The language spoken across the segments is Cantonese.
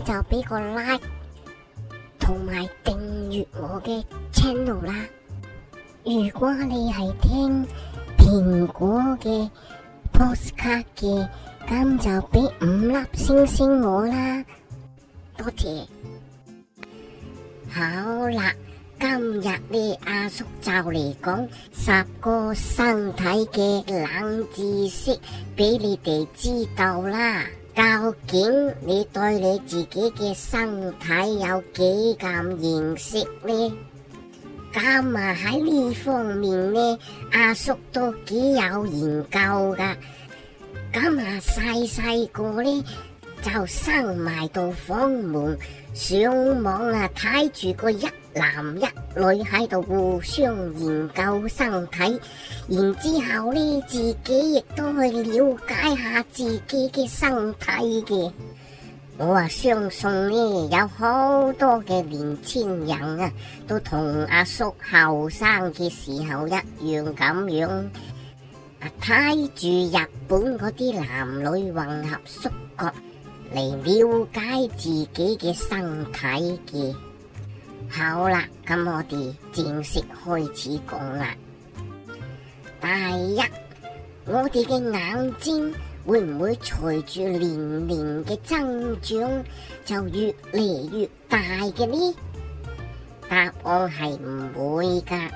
就畀個 like 同埋訂閱我嘅 channel 啦。如果你係聽蘋果嘅 podcast 嘅，咁就畀五粒星星我啦。多謝。好啦，今日呢，阿叔就嚟講十個身體嘅冷知識俾你哋知道啦。究竟你對你自己嘅身體有幾咁認識呢？咁啊，喺呢方面呢，阿叔都幾有研究噶。咁啊，細細個呢，就生埋到房門，上網啊，睇住個一。男一女喺度互相研究身體，然之後呢自己亦都去了解下自己嘅身體嘅。我話、啊、相信呢，有好多嘅年輕人啊，都同阿叔後生嘅時候一樣咁樣啊睇住日本嗰啲男女混合宿角嚟了解自己嘅身體嘅。好啦，咁我哋正式開始講啦。第一，我哋嘅眼睛會唔會隨住年齡嘅增長就越嚟越大嘅呢？答案係唔會㗎。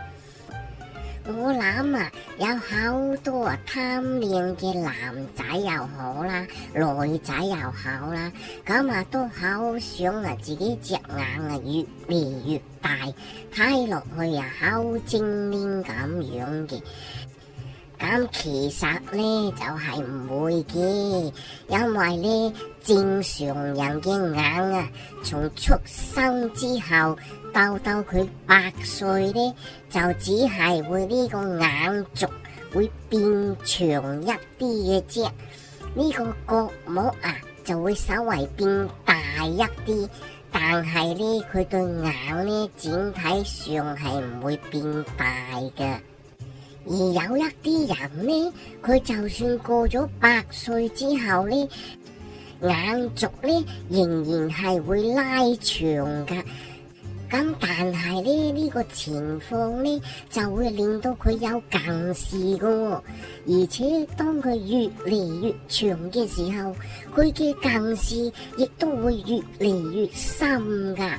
我諗啊，有好多啊貪靚嘅男仔又好啦，女仔又好啦，咁啊都好想啊自己隻眼啊越嚟越大，睇落去啊好精靈咁樣嘅。咁其實咧就係唔會嘅，因為咧。正常人嘅眼啊，從出生之後到到佢百歲呢，就只係會呢個眼軸會變長一啲嘅啫。呢個角膜啊，就會稍微變大一啲，但係呢，佢對眼呢，整體上係唔會變大嘅。而有一啲人呢，佢就算過咗百歲之後呢。眼軸咧，仍然係會拉長噶咁但係咧，呢個情況咧，就會令到佢有近視噶而且當佢越嚟越長嘅時候，佢嘅近視亦都會越嚟越深噶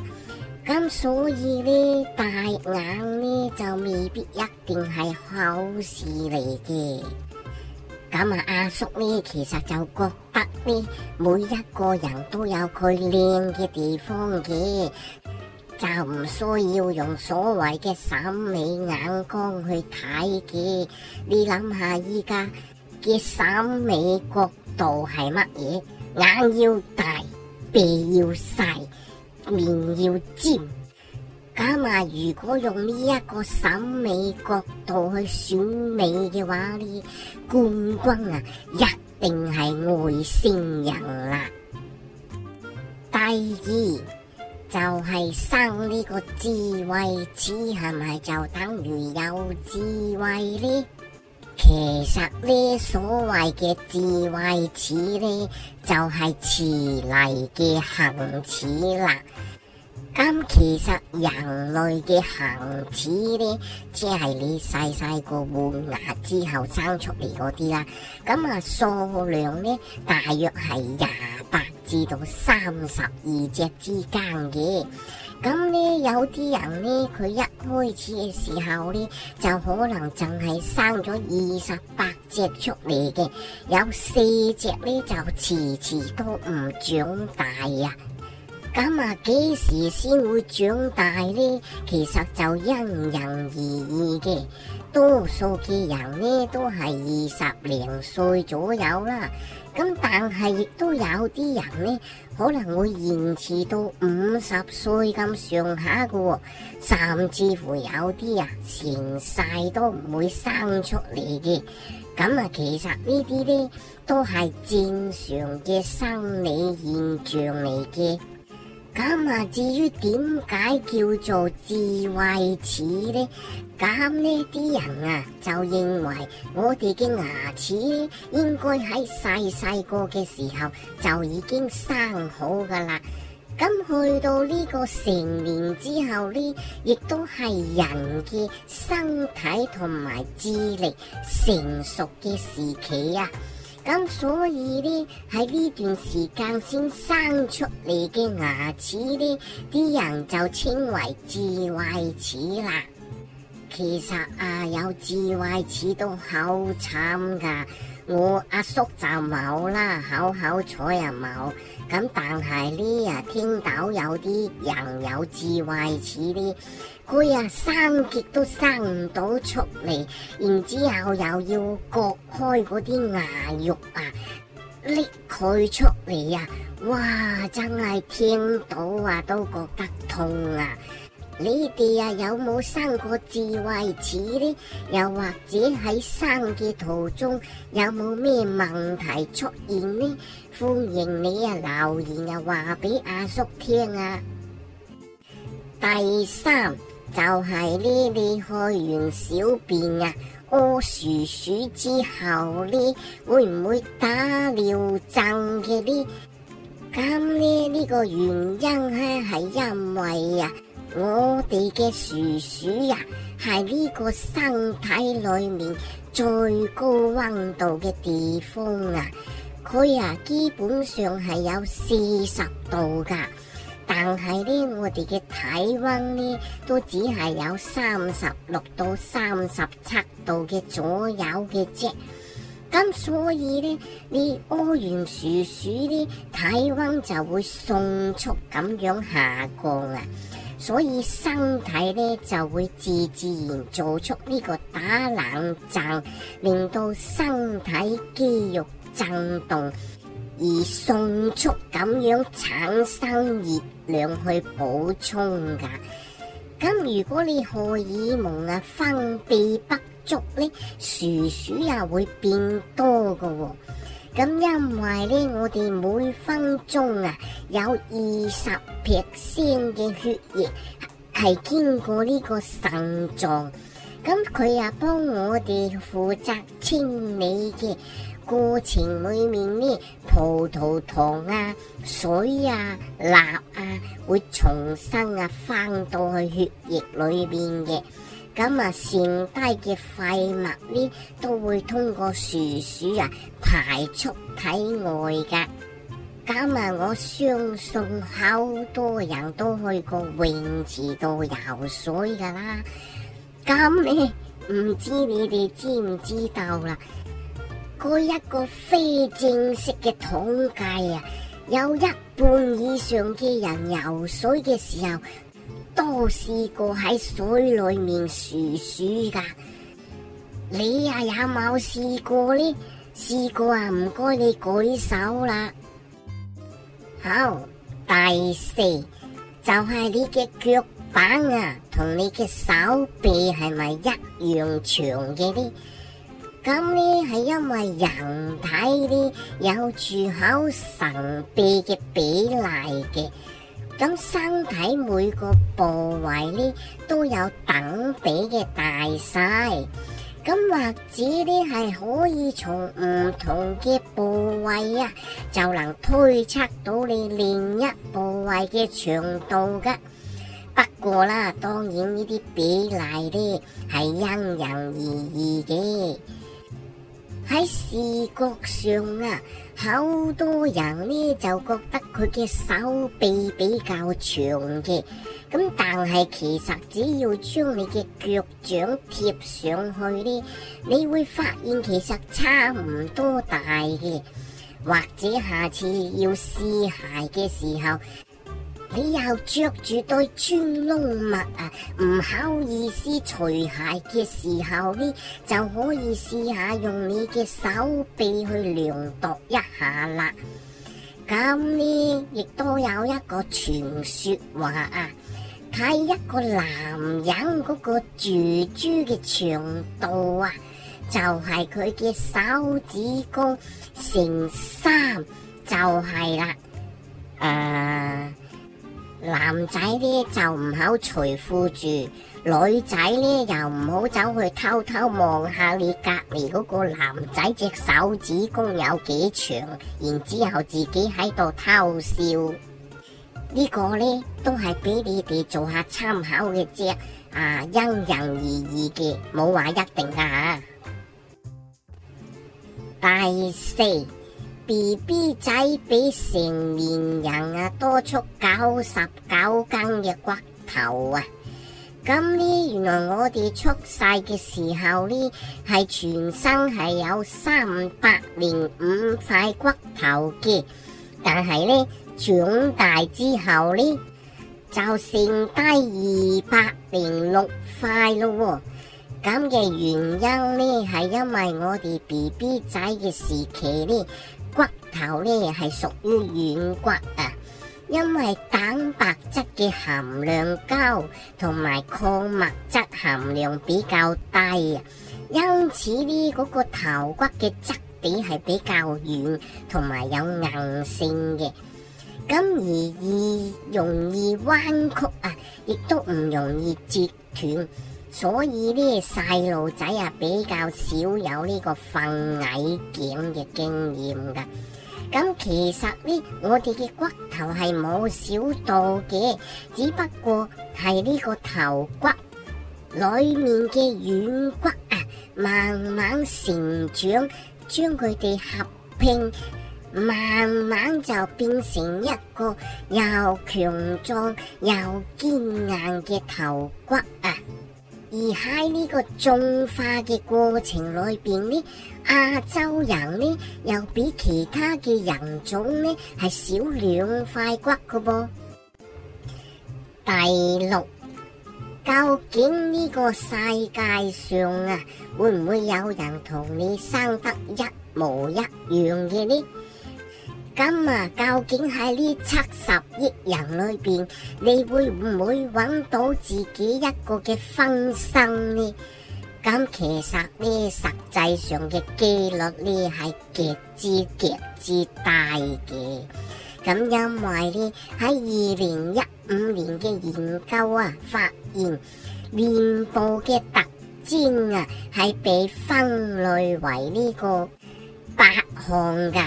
咁所以咧，大眼咧，就未必一定係好事嚟嘅。咁阿、啊、叔呢，其實就覺得呢，每一個人都有佢靚嘅地方嘅，就唔需要用所謂嘅審美眼光去睇嘅。你諗下依家嘅審美角度係乜嘢？眼要大，鼻要細，面要尖。假嘛，如果用呢一個審美角度去選美嘅話，呢冠軍啊一定係外星人啦。第二就係、是、生呢個智慧齒係咪就等於有智慧呢？其實呢所謂嘅智慧齒呢，就係遲嚟嘅恒齒啦。咁其實人類嘅恆齒呢，即係你細細個換牙之後生出嚟嗰啲啦。咁啊數量呢，大約係廿八至到三十二隻之間嘅。咁呢，有啲人呢，佢一開始嘅時候呢，就可能淨係生咗二十八隻出嚟嘅，有四隻呢，就遲遲都唔長大啊！咁啊，幾時先會長大呢？其實就因人而異嘅，多數嘅人呢都係二十零歲左右啦。咁但係亦都有啲人呢，可能會延遲到五十歲咁上下嘅，甚至乎有啲啊成世都唔會生出嚟嘅。咁啊，其實呢啲呢都係正常嘅生理現象嚟嘅。咁啊，至於點解叫做智慧齒呢？咁呢啲人啊，就認為我哋嘅牙齒咧，應該喺細細個嘅時候就已經生好噶啦。咁去到呢個成年之後呢，亦都係人嘅身體同埋智力成熟嘅時期啊。咁所以咧，喺呢段時間先生出嚟嘅牙齒咧，啲人就稱為智慧齒啦。其實啊，有智慧齒都好慘㗎。我阿、啊、叔就冇啦，好好彩又、啊、冇，咁但係呢，啊聽到有啲人有智慧似啲，佢啊生結都生唔到出嚟，然之後又要割開嗰啲牙肉啊，拎佢出嚟啊，哇真係聽到啊都覺得痛啊！你哋啊有冇生過智慧齒呢？又或者喺生嘅途中有冇咩問題出現呢？歡迎你啊留言啊話俾阿叔聽啊！第三就係、是、呢，你去完小便啊屙屎屎之後呢，會唔會打尿震嘅呢？咁呢，呢個原因呢係因為啊。我哋嘅鼠鼠呀、啊，係呢個身體裏面最高温度嘅地方啊，佢啊基本上係有四十度噶，但係呢，我哋嘅體溫呢，都只係有三十六到三十七度嘅左右嘅啫，咁所以呢，你屙完鼠鼠，鼠呢，體溫就會迅速咁樣下降啊。所以身體咧就會自自然做出呢個打冷震，令到身體肌肉震動而迅速咁樣產生熱量去補充噶。咁如果你荷爾蒙啊分泌不足咧，薯薯也會變多噶哦。咁因為咧，我哋每分鐘啊有二十巴仙嘅血液係經過呢個腎臟，咁佢啊幫我哋負責清理嘅過程裏面呢，葡萄糖啊、水啊、鈉啊，會重新啊翻到去血液裏面嘅。咁啊，剩低嘅廢物呢，都會通過樹鼠，鼠啊排出體外噶。咁啊，我相信好多人都去過泳池度游水噶啦。咁呢，唔知你哋知唔知道啦？嗰一個非正式嘅統計啊，有一半以上嘅人游水嘅時候，都試過喺水裏面噓噓㗎，你呀、啊、有冇試過呢？試過啊，唔該你舉手啦。好，第四就係、是、你嘅腳板啊，同你嘅手臂係咪一樣長嘅呢？咁呢，係因為人體呢，有住好神秘嘅比例嘅。咁身體每個部位呢，都有等比嘅大細，咁或者呢係可以從唔同嘅部位啊，就能推測到你另一部位嘅長度噶。不過啦，當然呢啲比例呢係因人而異嘅。喺視覺上啊，好多人呢就覺得佢嘅手臂比較長嘅，咁但係其實只要將你嘅腳掌貼上去呢，你會發現其實差唔多大嘅，或者下次要試鞋嘅時候。你又着住對穿窿襪啊，唔好意思除鞋嘅時候呢，就可以試下用你嘅手臂去量度一下啦。咁呢亦都有一個傳說話啊，睇一個男人嗰個豬豬嘅長度啊，就係佢嘅手指公乘三就係啦，誒、呃。男仔呢就唔好隨附住，女仔呢又唔好走去偷偷望下你隔籬嗰個男仔隻手指公有幾長，然之後自己喺度偷笑。呢、這個呢都係俾你哋做下參考嘅啫，啊因人而異嘅，冇話一定㗎吓。第四。B B 仔比成年人啊多出九十九斤嘅骨頭啊！咁呢，原來我哋出世嘅時候呢，係全身係有三百零五塊骨頭嘅，但係呢長大之後呢就剩低二百零六塊咯喎。咁嘅原因呢係因為我哋 B B 仔嘅時期呢。骨頭呢係屬於軟骨啊，因為蛋白質嘅含量高，同埋礦物質含量比較低啊，因此呢嗰個頭骨嘅質地係比較軟，同埋有硬性嘅，咁而易容易彎曲啊，亦都唔容易折斷。所以呢，細路仔啊，比較少有呢個瞓矮頸嘅經驗噶。咁其實呢，我哋嘅骨頭係冇少度嘅，只不過係呢個頭骨裏面嘅軟骨啊，慢慢成長，將佢哋合併，慢慢就變成一個又強壯又堅硬嘅頭骨啊。而喺呢個進化嘅過程裏面，呢亞洲人呢又比其他嘅人種呢係少兩塊骨嘅噃。第六，究竟呢個世界上啊，會唔會有人同你生得一模一樣嘅呢？咁啊，究竟喺呢七十億人裏邊，你會唔會揾到自己一個嘅分身呢？咁其實呢，實際上嘅機率呢係極之極之大嘅。咁因為呢喺二零一五年嘅研究啊，發現面部嘅特徵啊係被分類為呢個八項噶。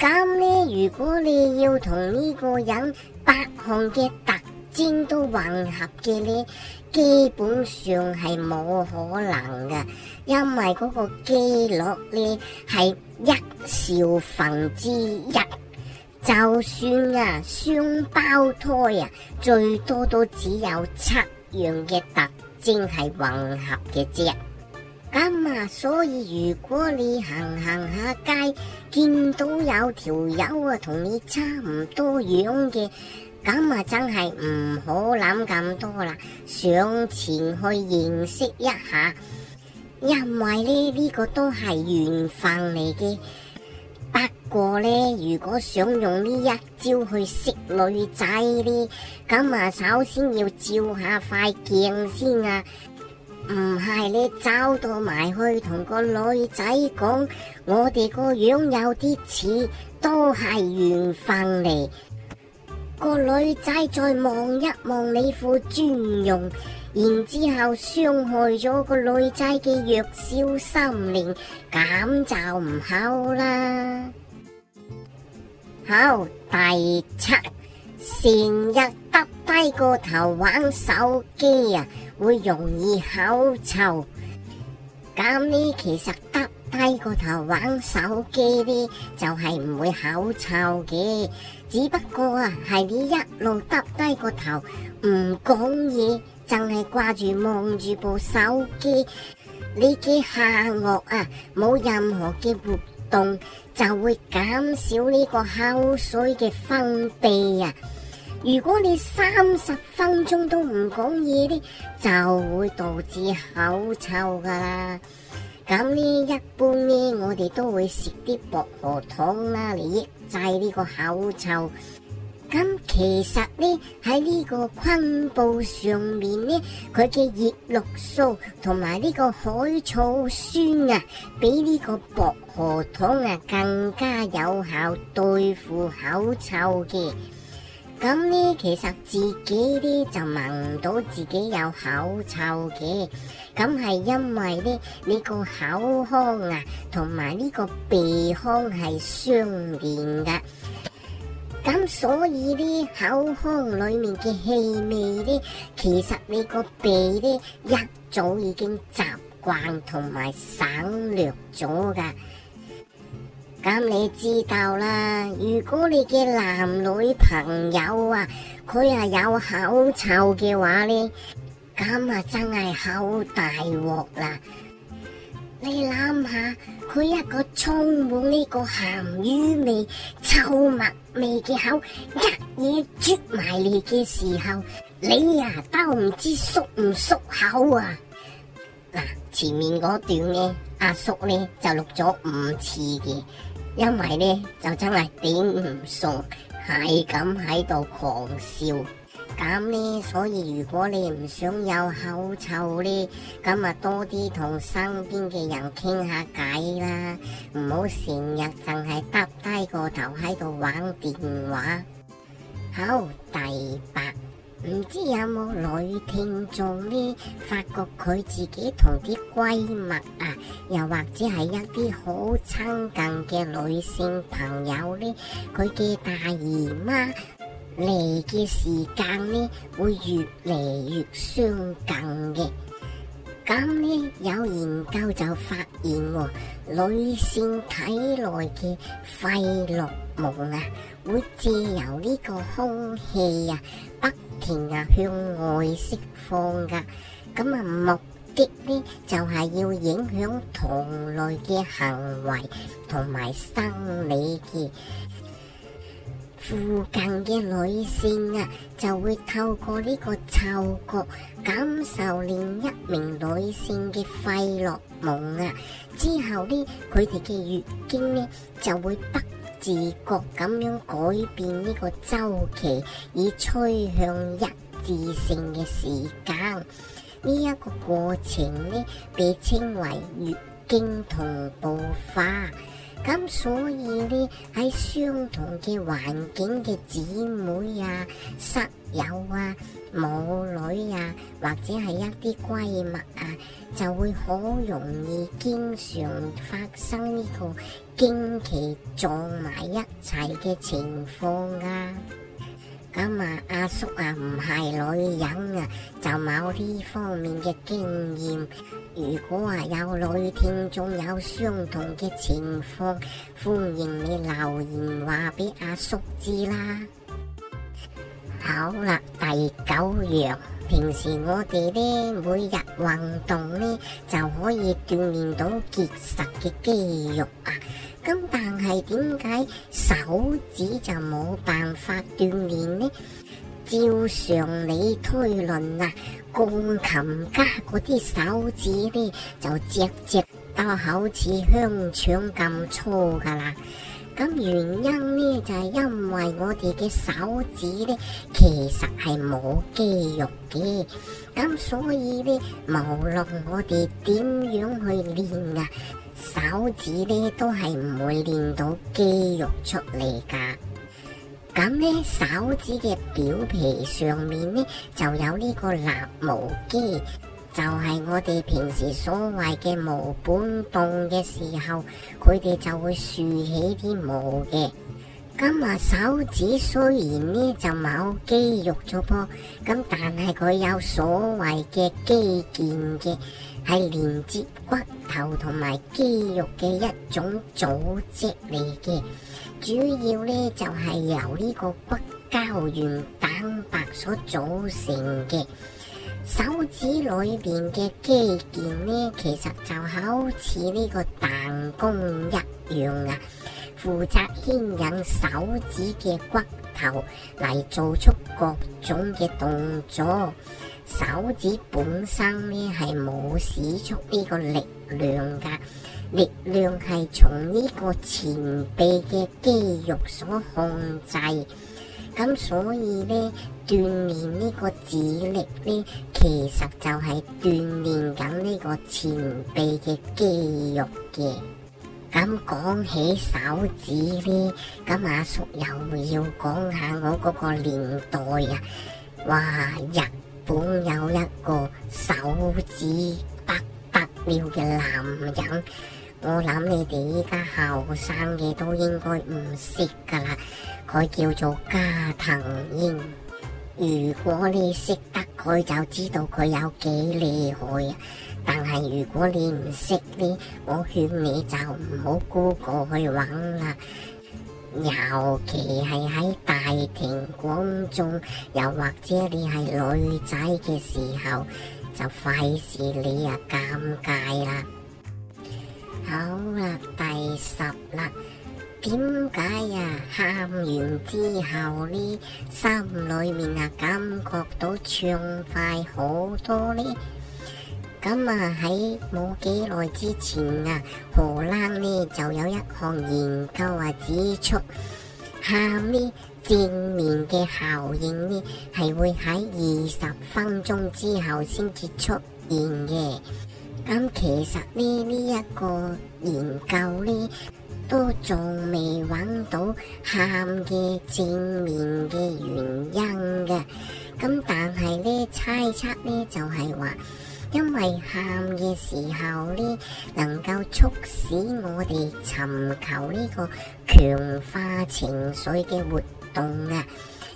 咁咧，如果你要同呢個人八項嘅特徵都混合嘅呢，基本上係冇可能噶，因為嗰個機率呢係一兆分之一，就算啊雙胞胎啊，最多都只有七樣嘅特徵係混合嘅啫。咁啊，所以如果你行行下街，見到有條友啊同你差唔多樣嘅，咁啊真係唔好諗咁多啦，上前去認識一下，因為呢呢個都係緣分嚟嘅。不過呢，如果想用呢一招去識女仔呢，咁啊首先要照下塊鏡先啊。唔係你走到埋去同個女仔講，我哋個樣有啲似，都係緣分嚟。個女仔再望一望你副尊容，然之後傷害咗個女仔嘅弱小心靈，咁就唔好啦。好，第七，成日耷低個頭玩手機啊！會容易口臭，咁呢其實耷低個頭玩手機呢就係唔會口臭嘅，只不過啊係你一路耷低個頭唔講嘢，淨係掛住望住部手機，你嘅下顎啊冇任何嘅活動，就會減少呢個口水嘅分泌啊。如果你三十分鐘都唔講嘢呢就會導致口臭噶啦。咁呢一般呢，我哋都會食啲薄荷糖啦嚟抑制呢個口臭。咁其實呢喺呢個昆布上面呢，佢嘅葉綠素同埋呢個海草酸啊，比呢個薄荷糖啊更加有效對付口臭嘅。咁呢，其實自己呢就聞唔到自己有口臭嘅，咁係因為呢，你、這個口腔啊，同埋呢個鼻腔係相連噶，咁所以呢，口腔裏面嘅氣味呢，其實你個鼻呢一早已經習慣同埋省略咗噶。咁你知道啦，如果你嘅男女朋友啊，佢係有口臭嘅話咧，咁啊真係好大鑊啦！你諗下，佢一個充滿呢個鹹魚味、臭物味嘅口，一嘢啜埋你嘅時候，你啊都唔知熟唔熟口啊！嗱，前面嗰段咧，阿叔咧就錄咗五次嘅。因為呢，就真係頂唔順，係咁喺度狂笑，咁呢，所以如果你唔想有口臭呢，咁啊多啲同身邊嘅人傾下偈啦，唔好成日淨係耷低個頭喺度玩電話。好，第八。唔知有冇女聽眾呢？發覺佢自己同啲閨蜜啊，又或者係一啲好親近嘅女性朋友呢，佢嘅大姨媽嚟嘅時間呢，會越嚟越相近嘅。咁呢，有研究就發現喎、哦，女性體內嘅費洛蒙啊。會自由呢個空氣啊，不停啊向外釋放噶。咁啊目的呢就係、是、要影響同類嘅行為同埋生理嘅。附近嘅女性啊，就會透過呢個嗅覺感受另一名女性嘅費洛蒙啊。之後呢，佢哋嘅月經呢，就會不。自覺咁樣改變呢個周期，以趨向一致性嘅時間，呢、這、一個過程呢，被稱為月經同步化。咁所以呢，喺相同嘅環境嘅姊妹啊、室友啊、母女啊，或者係一啲閨蜜啊，就會好容易經常發生呢個經期撞埋一齊嘅情況啊。咁、嗯、啊，阿叔啊，唔係女人啊，就冇呢方面嘅經驗。如果話、啊、有女聽眾有相同嘅情況，歡迎你留言話俾阿叔知、啊、啦。好啦，第九樣，平時我哋咧每日運動咧就可以鍛煉到結實嘅肌肉啊。咁但係點解手指就冇辦法鍛煉呢？照常理推論啊，鋼琴家嗰啲手指呢就只只都好似香腸咁粗噶啦。咁原因呢就係因為我哋嘅手指呢其實係冇肌肉嘅，咁所以呢無論我哋點樣去練啊。手指呢都係唔會練到肌肉出嚟噶，咁呢，手指嘅表皮上面呢就有呢個立毛肌，就係、是、我哋平時所謂嘅毛本動嘅時候，佢哋就會豎起啲毛嘅。咁啊，手指雖然呢就冇肌肉咗噃，咁但係佢有所謂嘅肌腱嘅，係連接骨頭同埋肌肉嘅一種組織嚟嘅，主要呢就係由呢個骨膠原蛋白所組成嘅。手指裏邊嘅肌腱呢，其實就好似呢個彈弓一樣啊！負責牽引手指嘅骨頭嚟做出各種嘅動作。手指本身咧係冇使出呢個力量噶力量係從呢個前臂嘅肌肉所控制。咁所以呢，鍛煉呢個指力呢，其實就係鍛煉緊呢個前臂嘅肌肉嘅。咁講起手指呢，咁阿叔又要講下我嗰個年代啊！哇，日本有一個手指不得了嘅男人，我諗你哋依家後生嘅都應該唔識噶啦，佢叫做加藤鷹。如果你識得佢，就知道佢有幾厲害啊！但係如果你唔識呢，我勸你就唔好孤過去玩啦。尤其係喺大庭廣眾，又或者你係女仔嘅時候，就費事你啊尷尬啦。好啦，第十啦。點解呀？喊完之後呢，心裏面啊感覺到暢快好多呢。咁啊喺冇幾耐之前啊，荷蘭呢就有一項研究啊指出，喊呢正面嘅效應呢係會喺二十分鐘之後先至出現嘅。咁其實呢呢一個研究呢？都仲未揾到喊嘅正面嘅原因嘅，咁但係呢，猜測呢就係話，因為喊嘅時候呢，能夠促使我哋尋求呢個強化情緒嘅活動啊，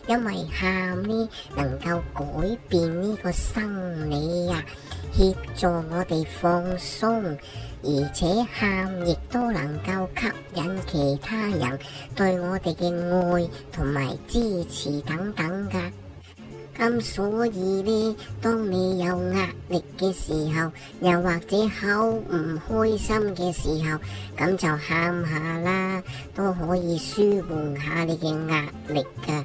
因為喊呢，能夠改變呢個生理啊，協助我哋放鬆。而且喊亦都能夠吸引其他人對我哋嘅愛同埋支持等等噶。咁所以呢，當你有壓力嘅時候，又或者好唔開心嘅時候，咁就喊下啦，都可以舒緩下你嘅壓力噶。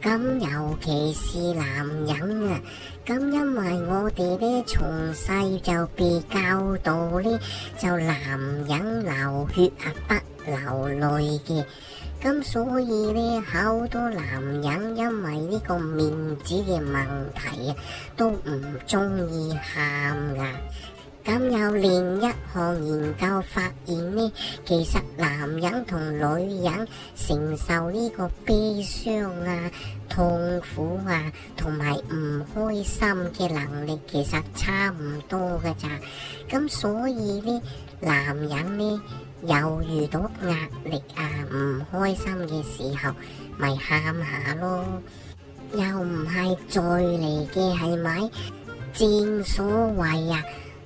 咁尤其是男人啊。咁因為我哋呢從細就被教導呢，就男人流血啊不流淚嘅，咁所以呢，好多男人因為呢個面子嘅問題啊，都唔中意喊噶。咁有另一項研究發現呢，其實男人同女人承受呢個悲傷啊、痛苦啊同埋唔開心嘅能力，其實差唔多嘅咋。咁所以呢，男人呢又遇到壓力啊、唔開心嘅時候，咪喊下咯，又唔係再嚟嘅，係咪？正所謂啊。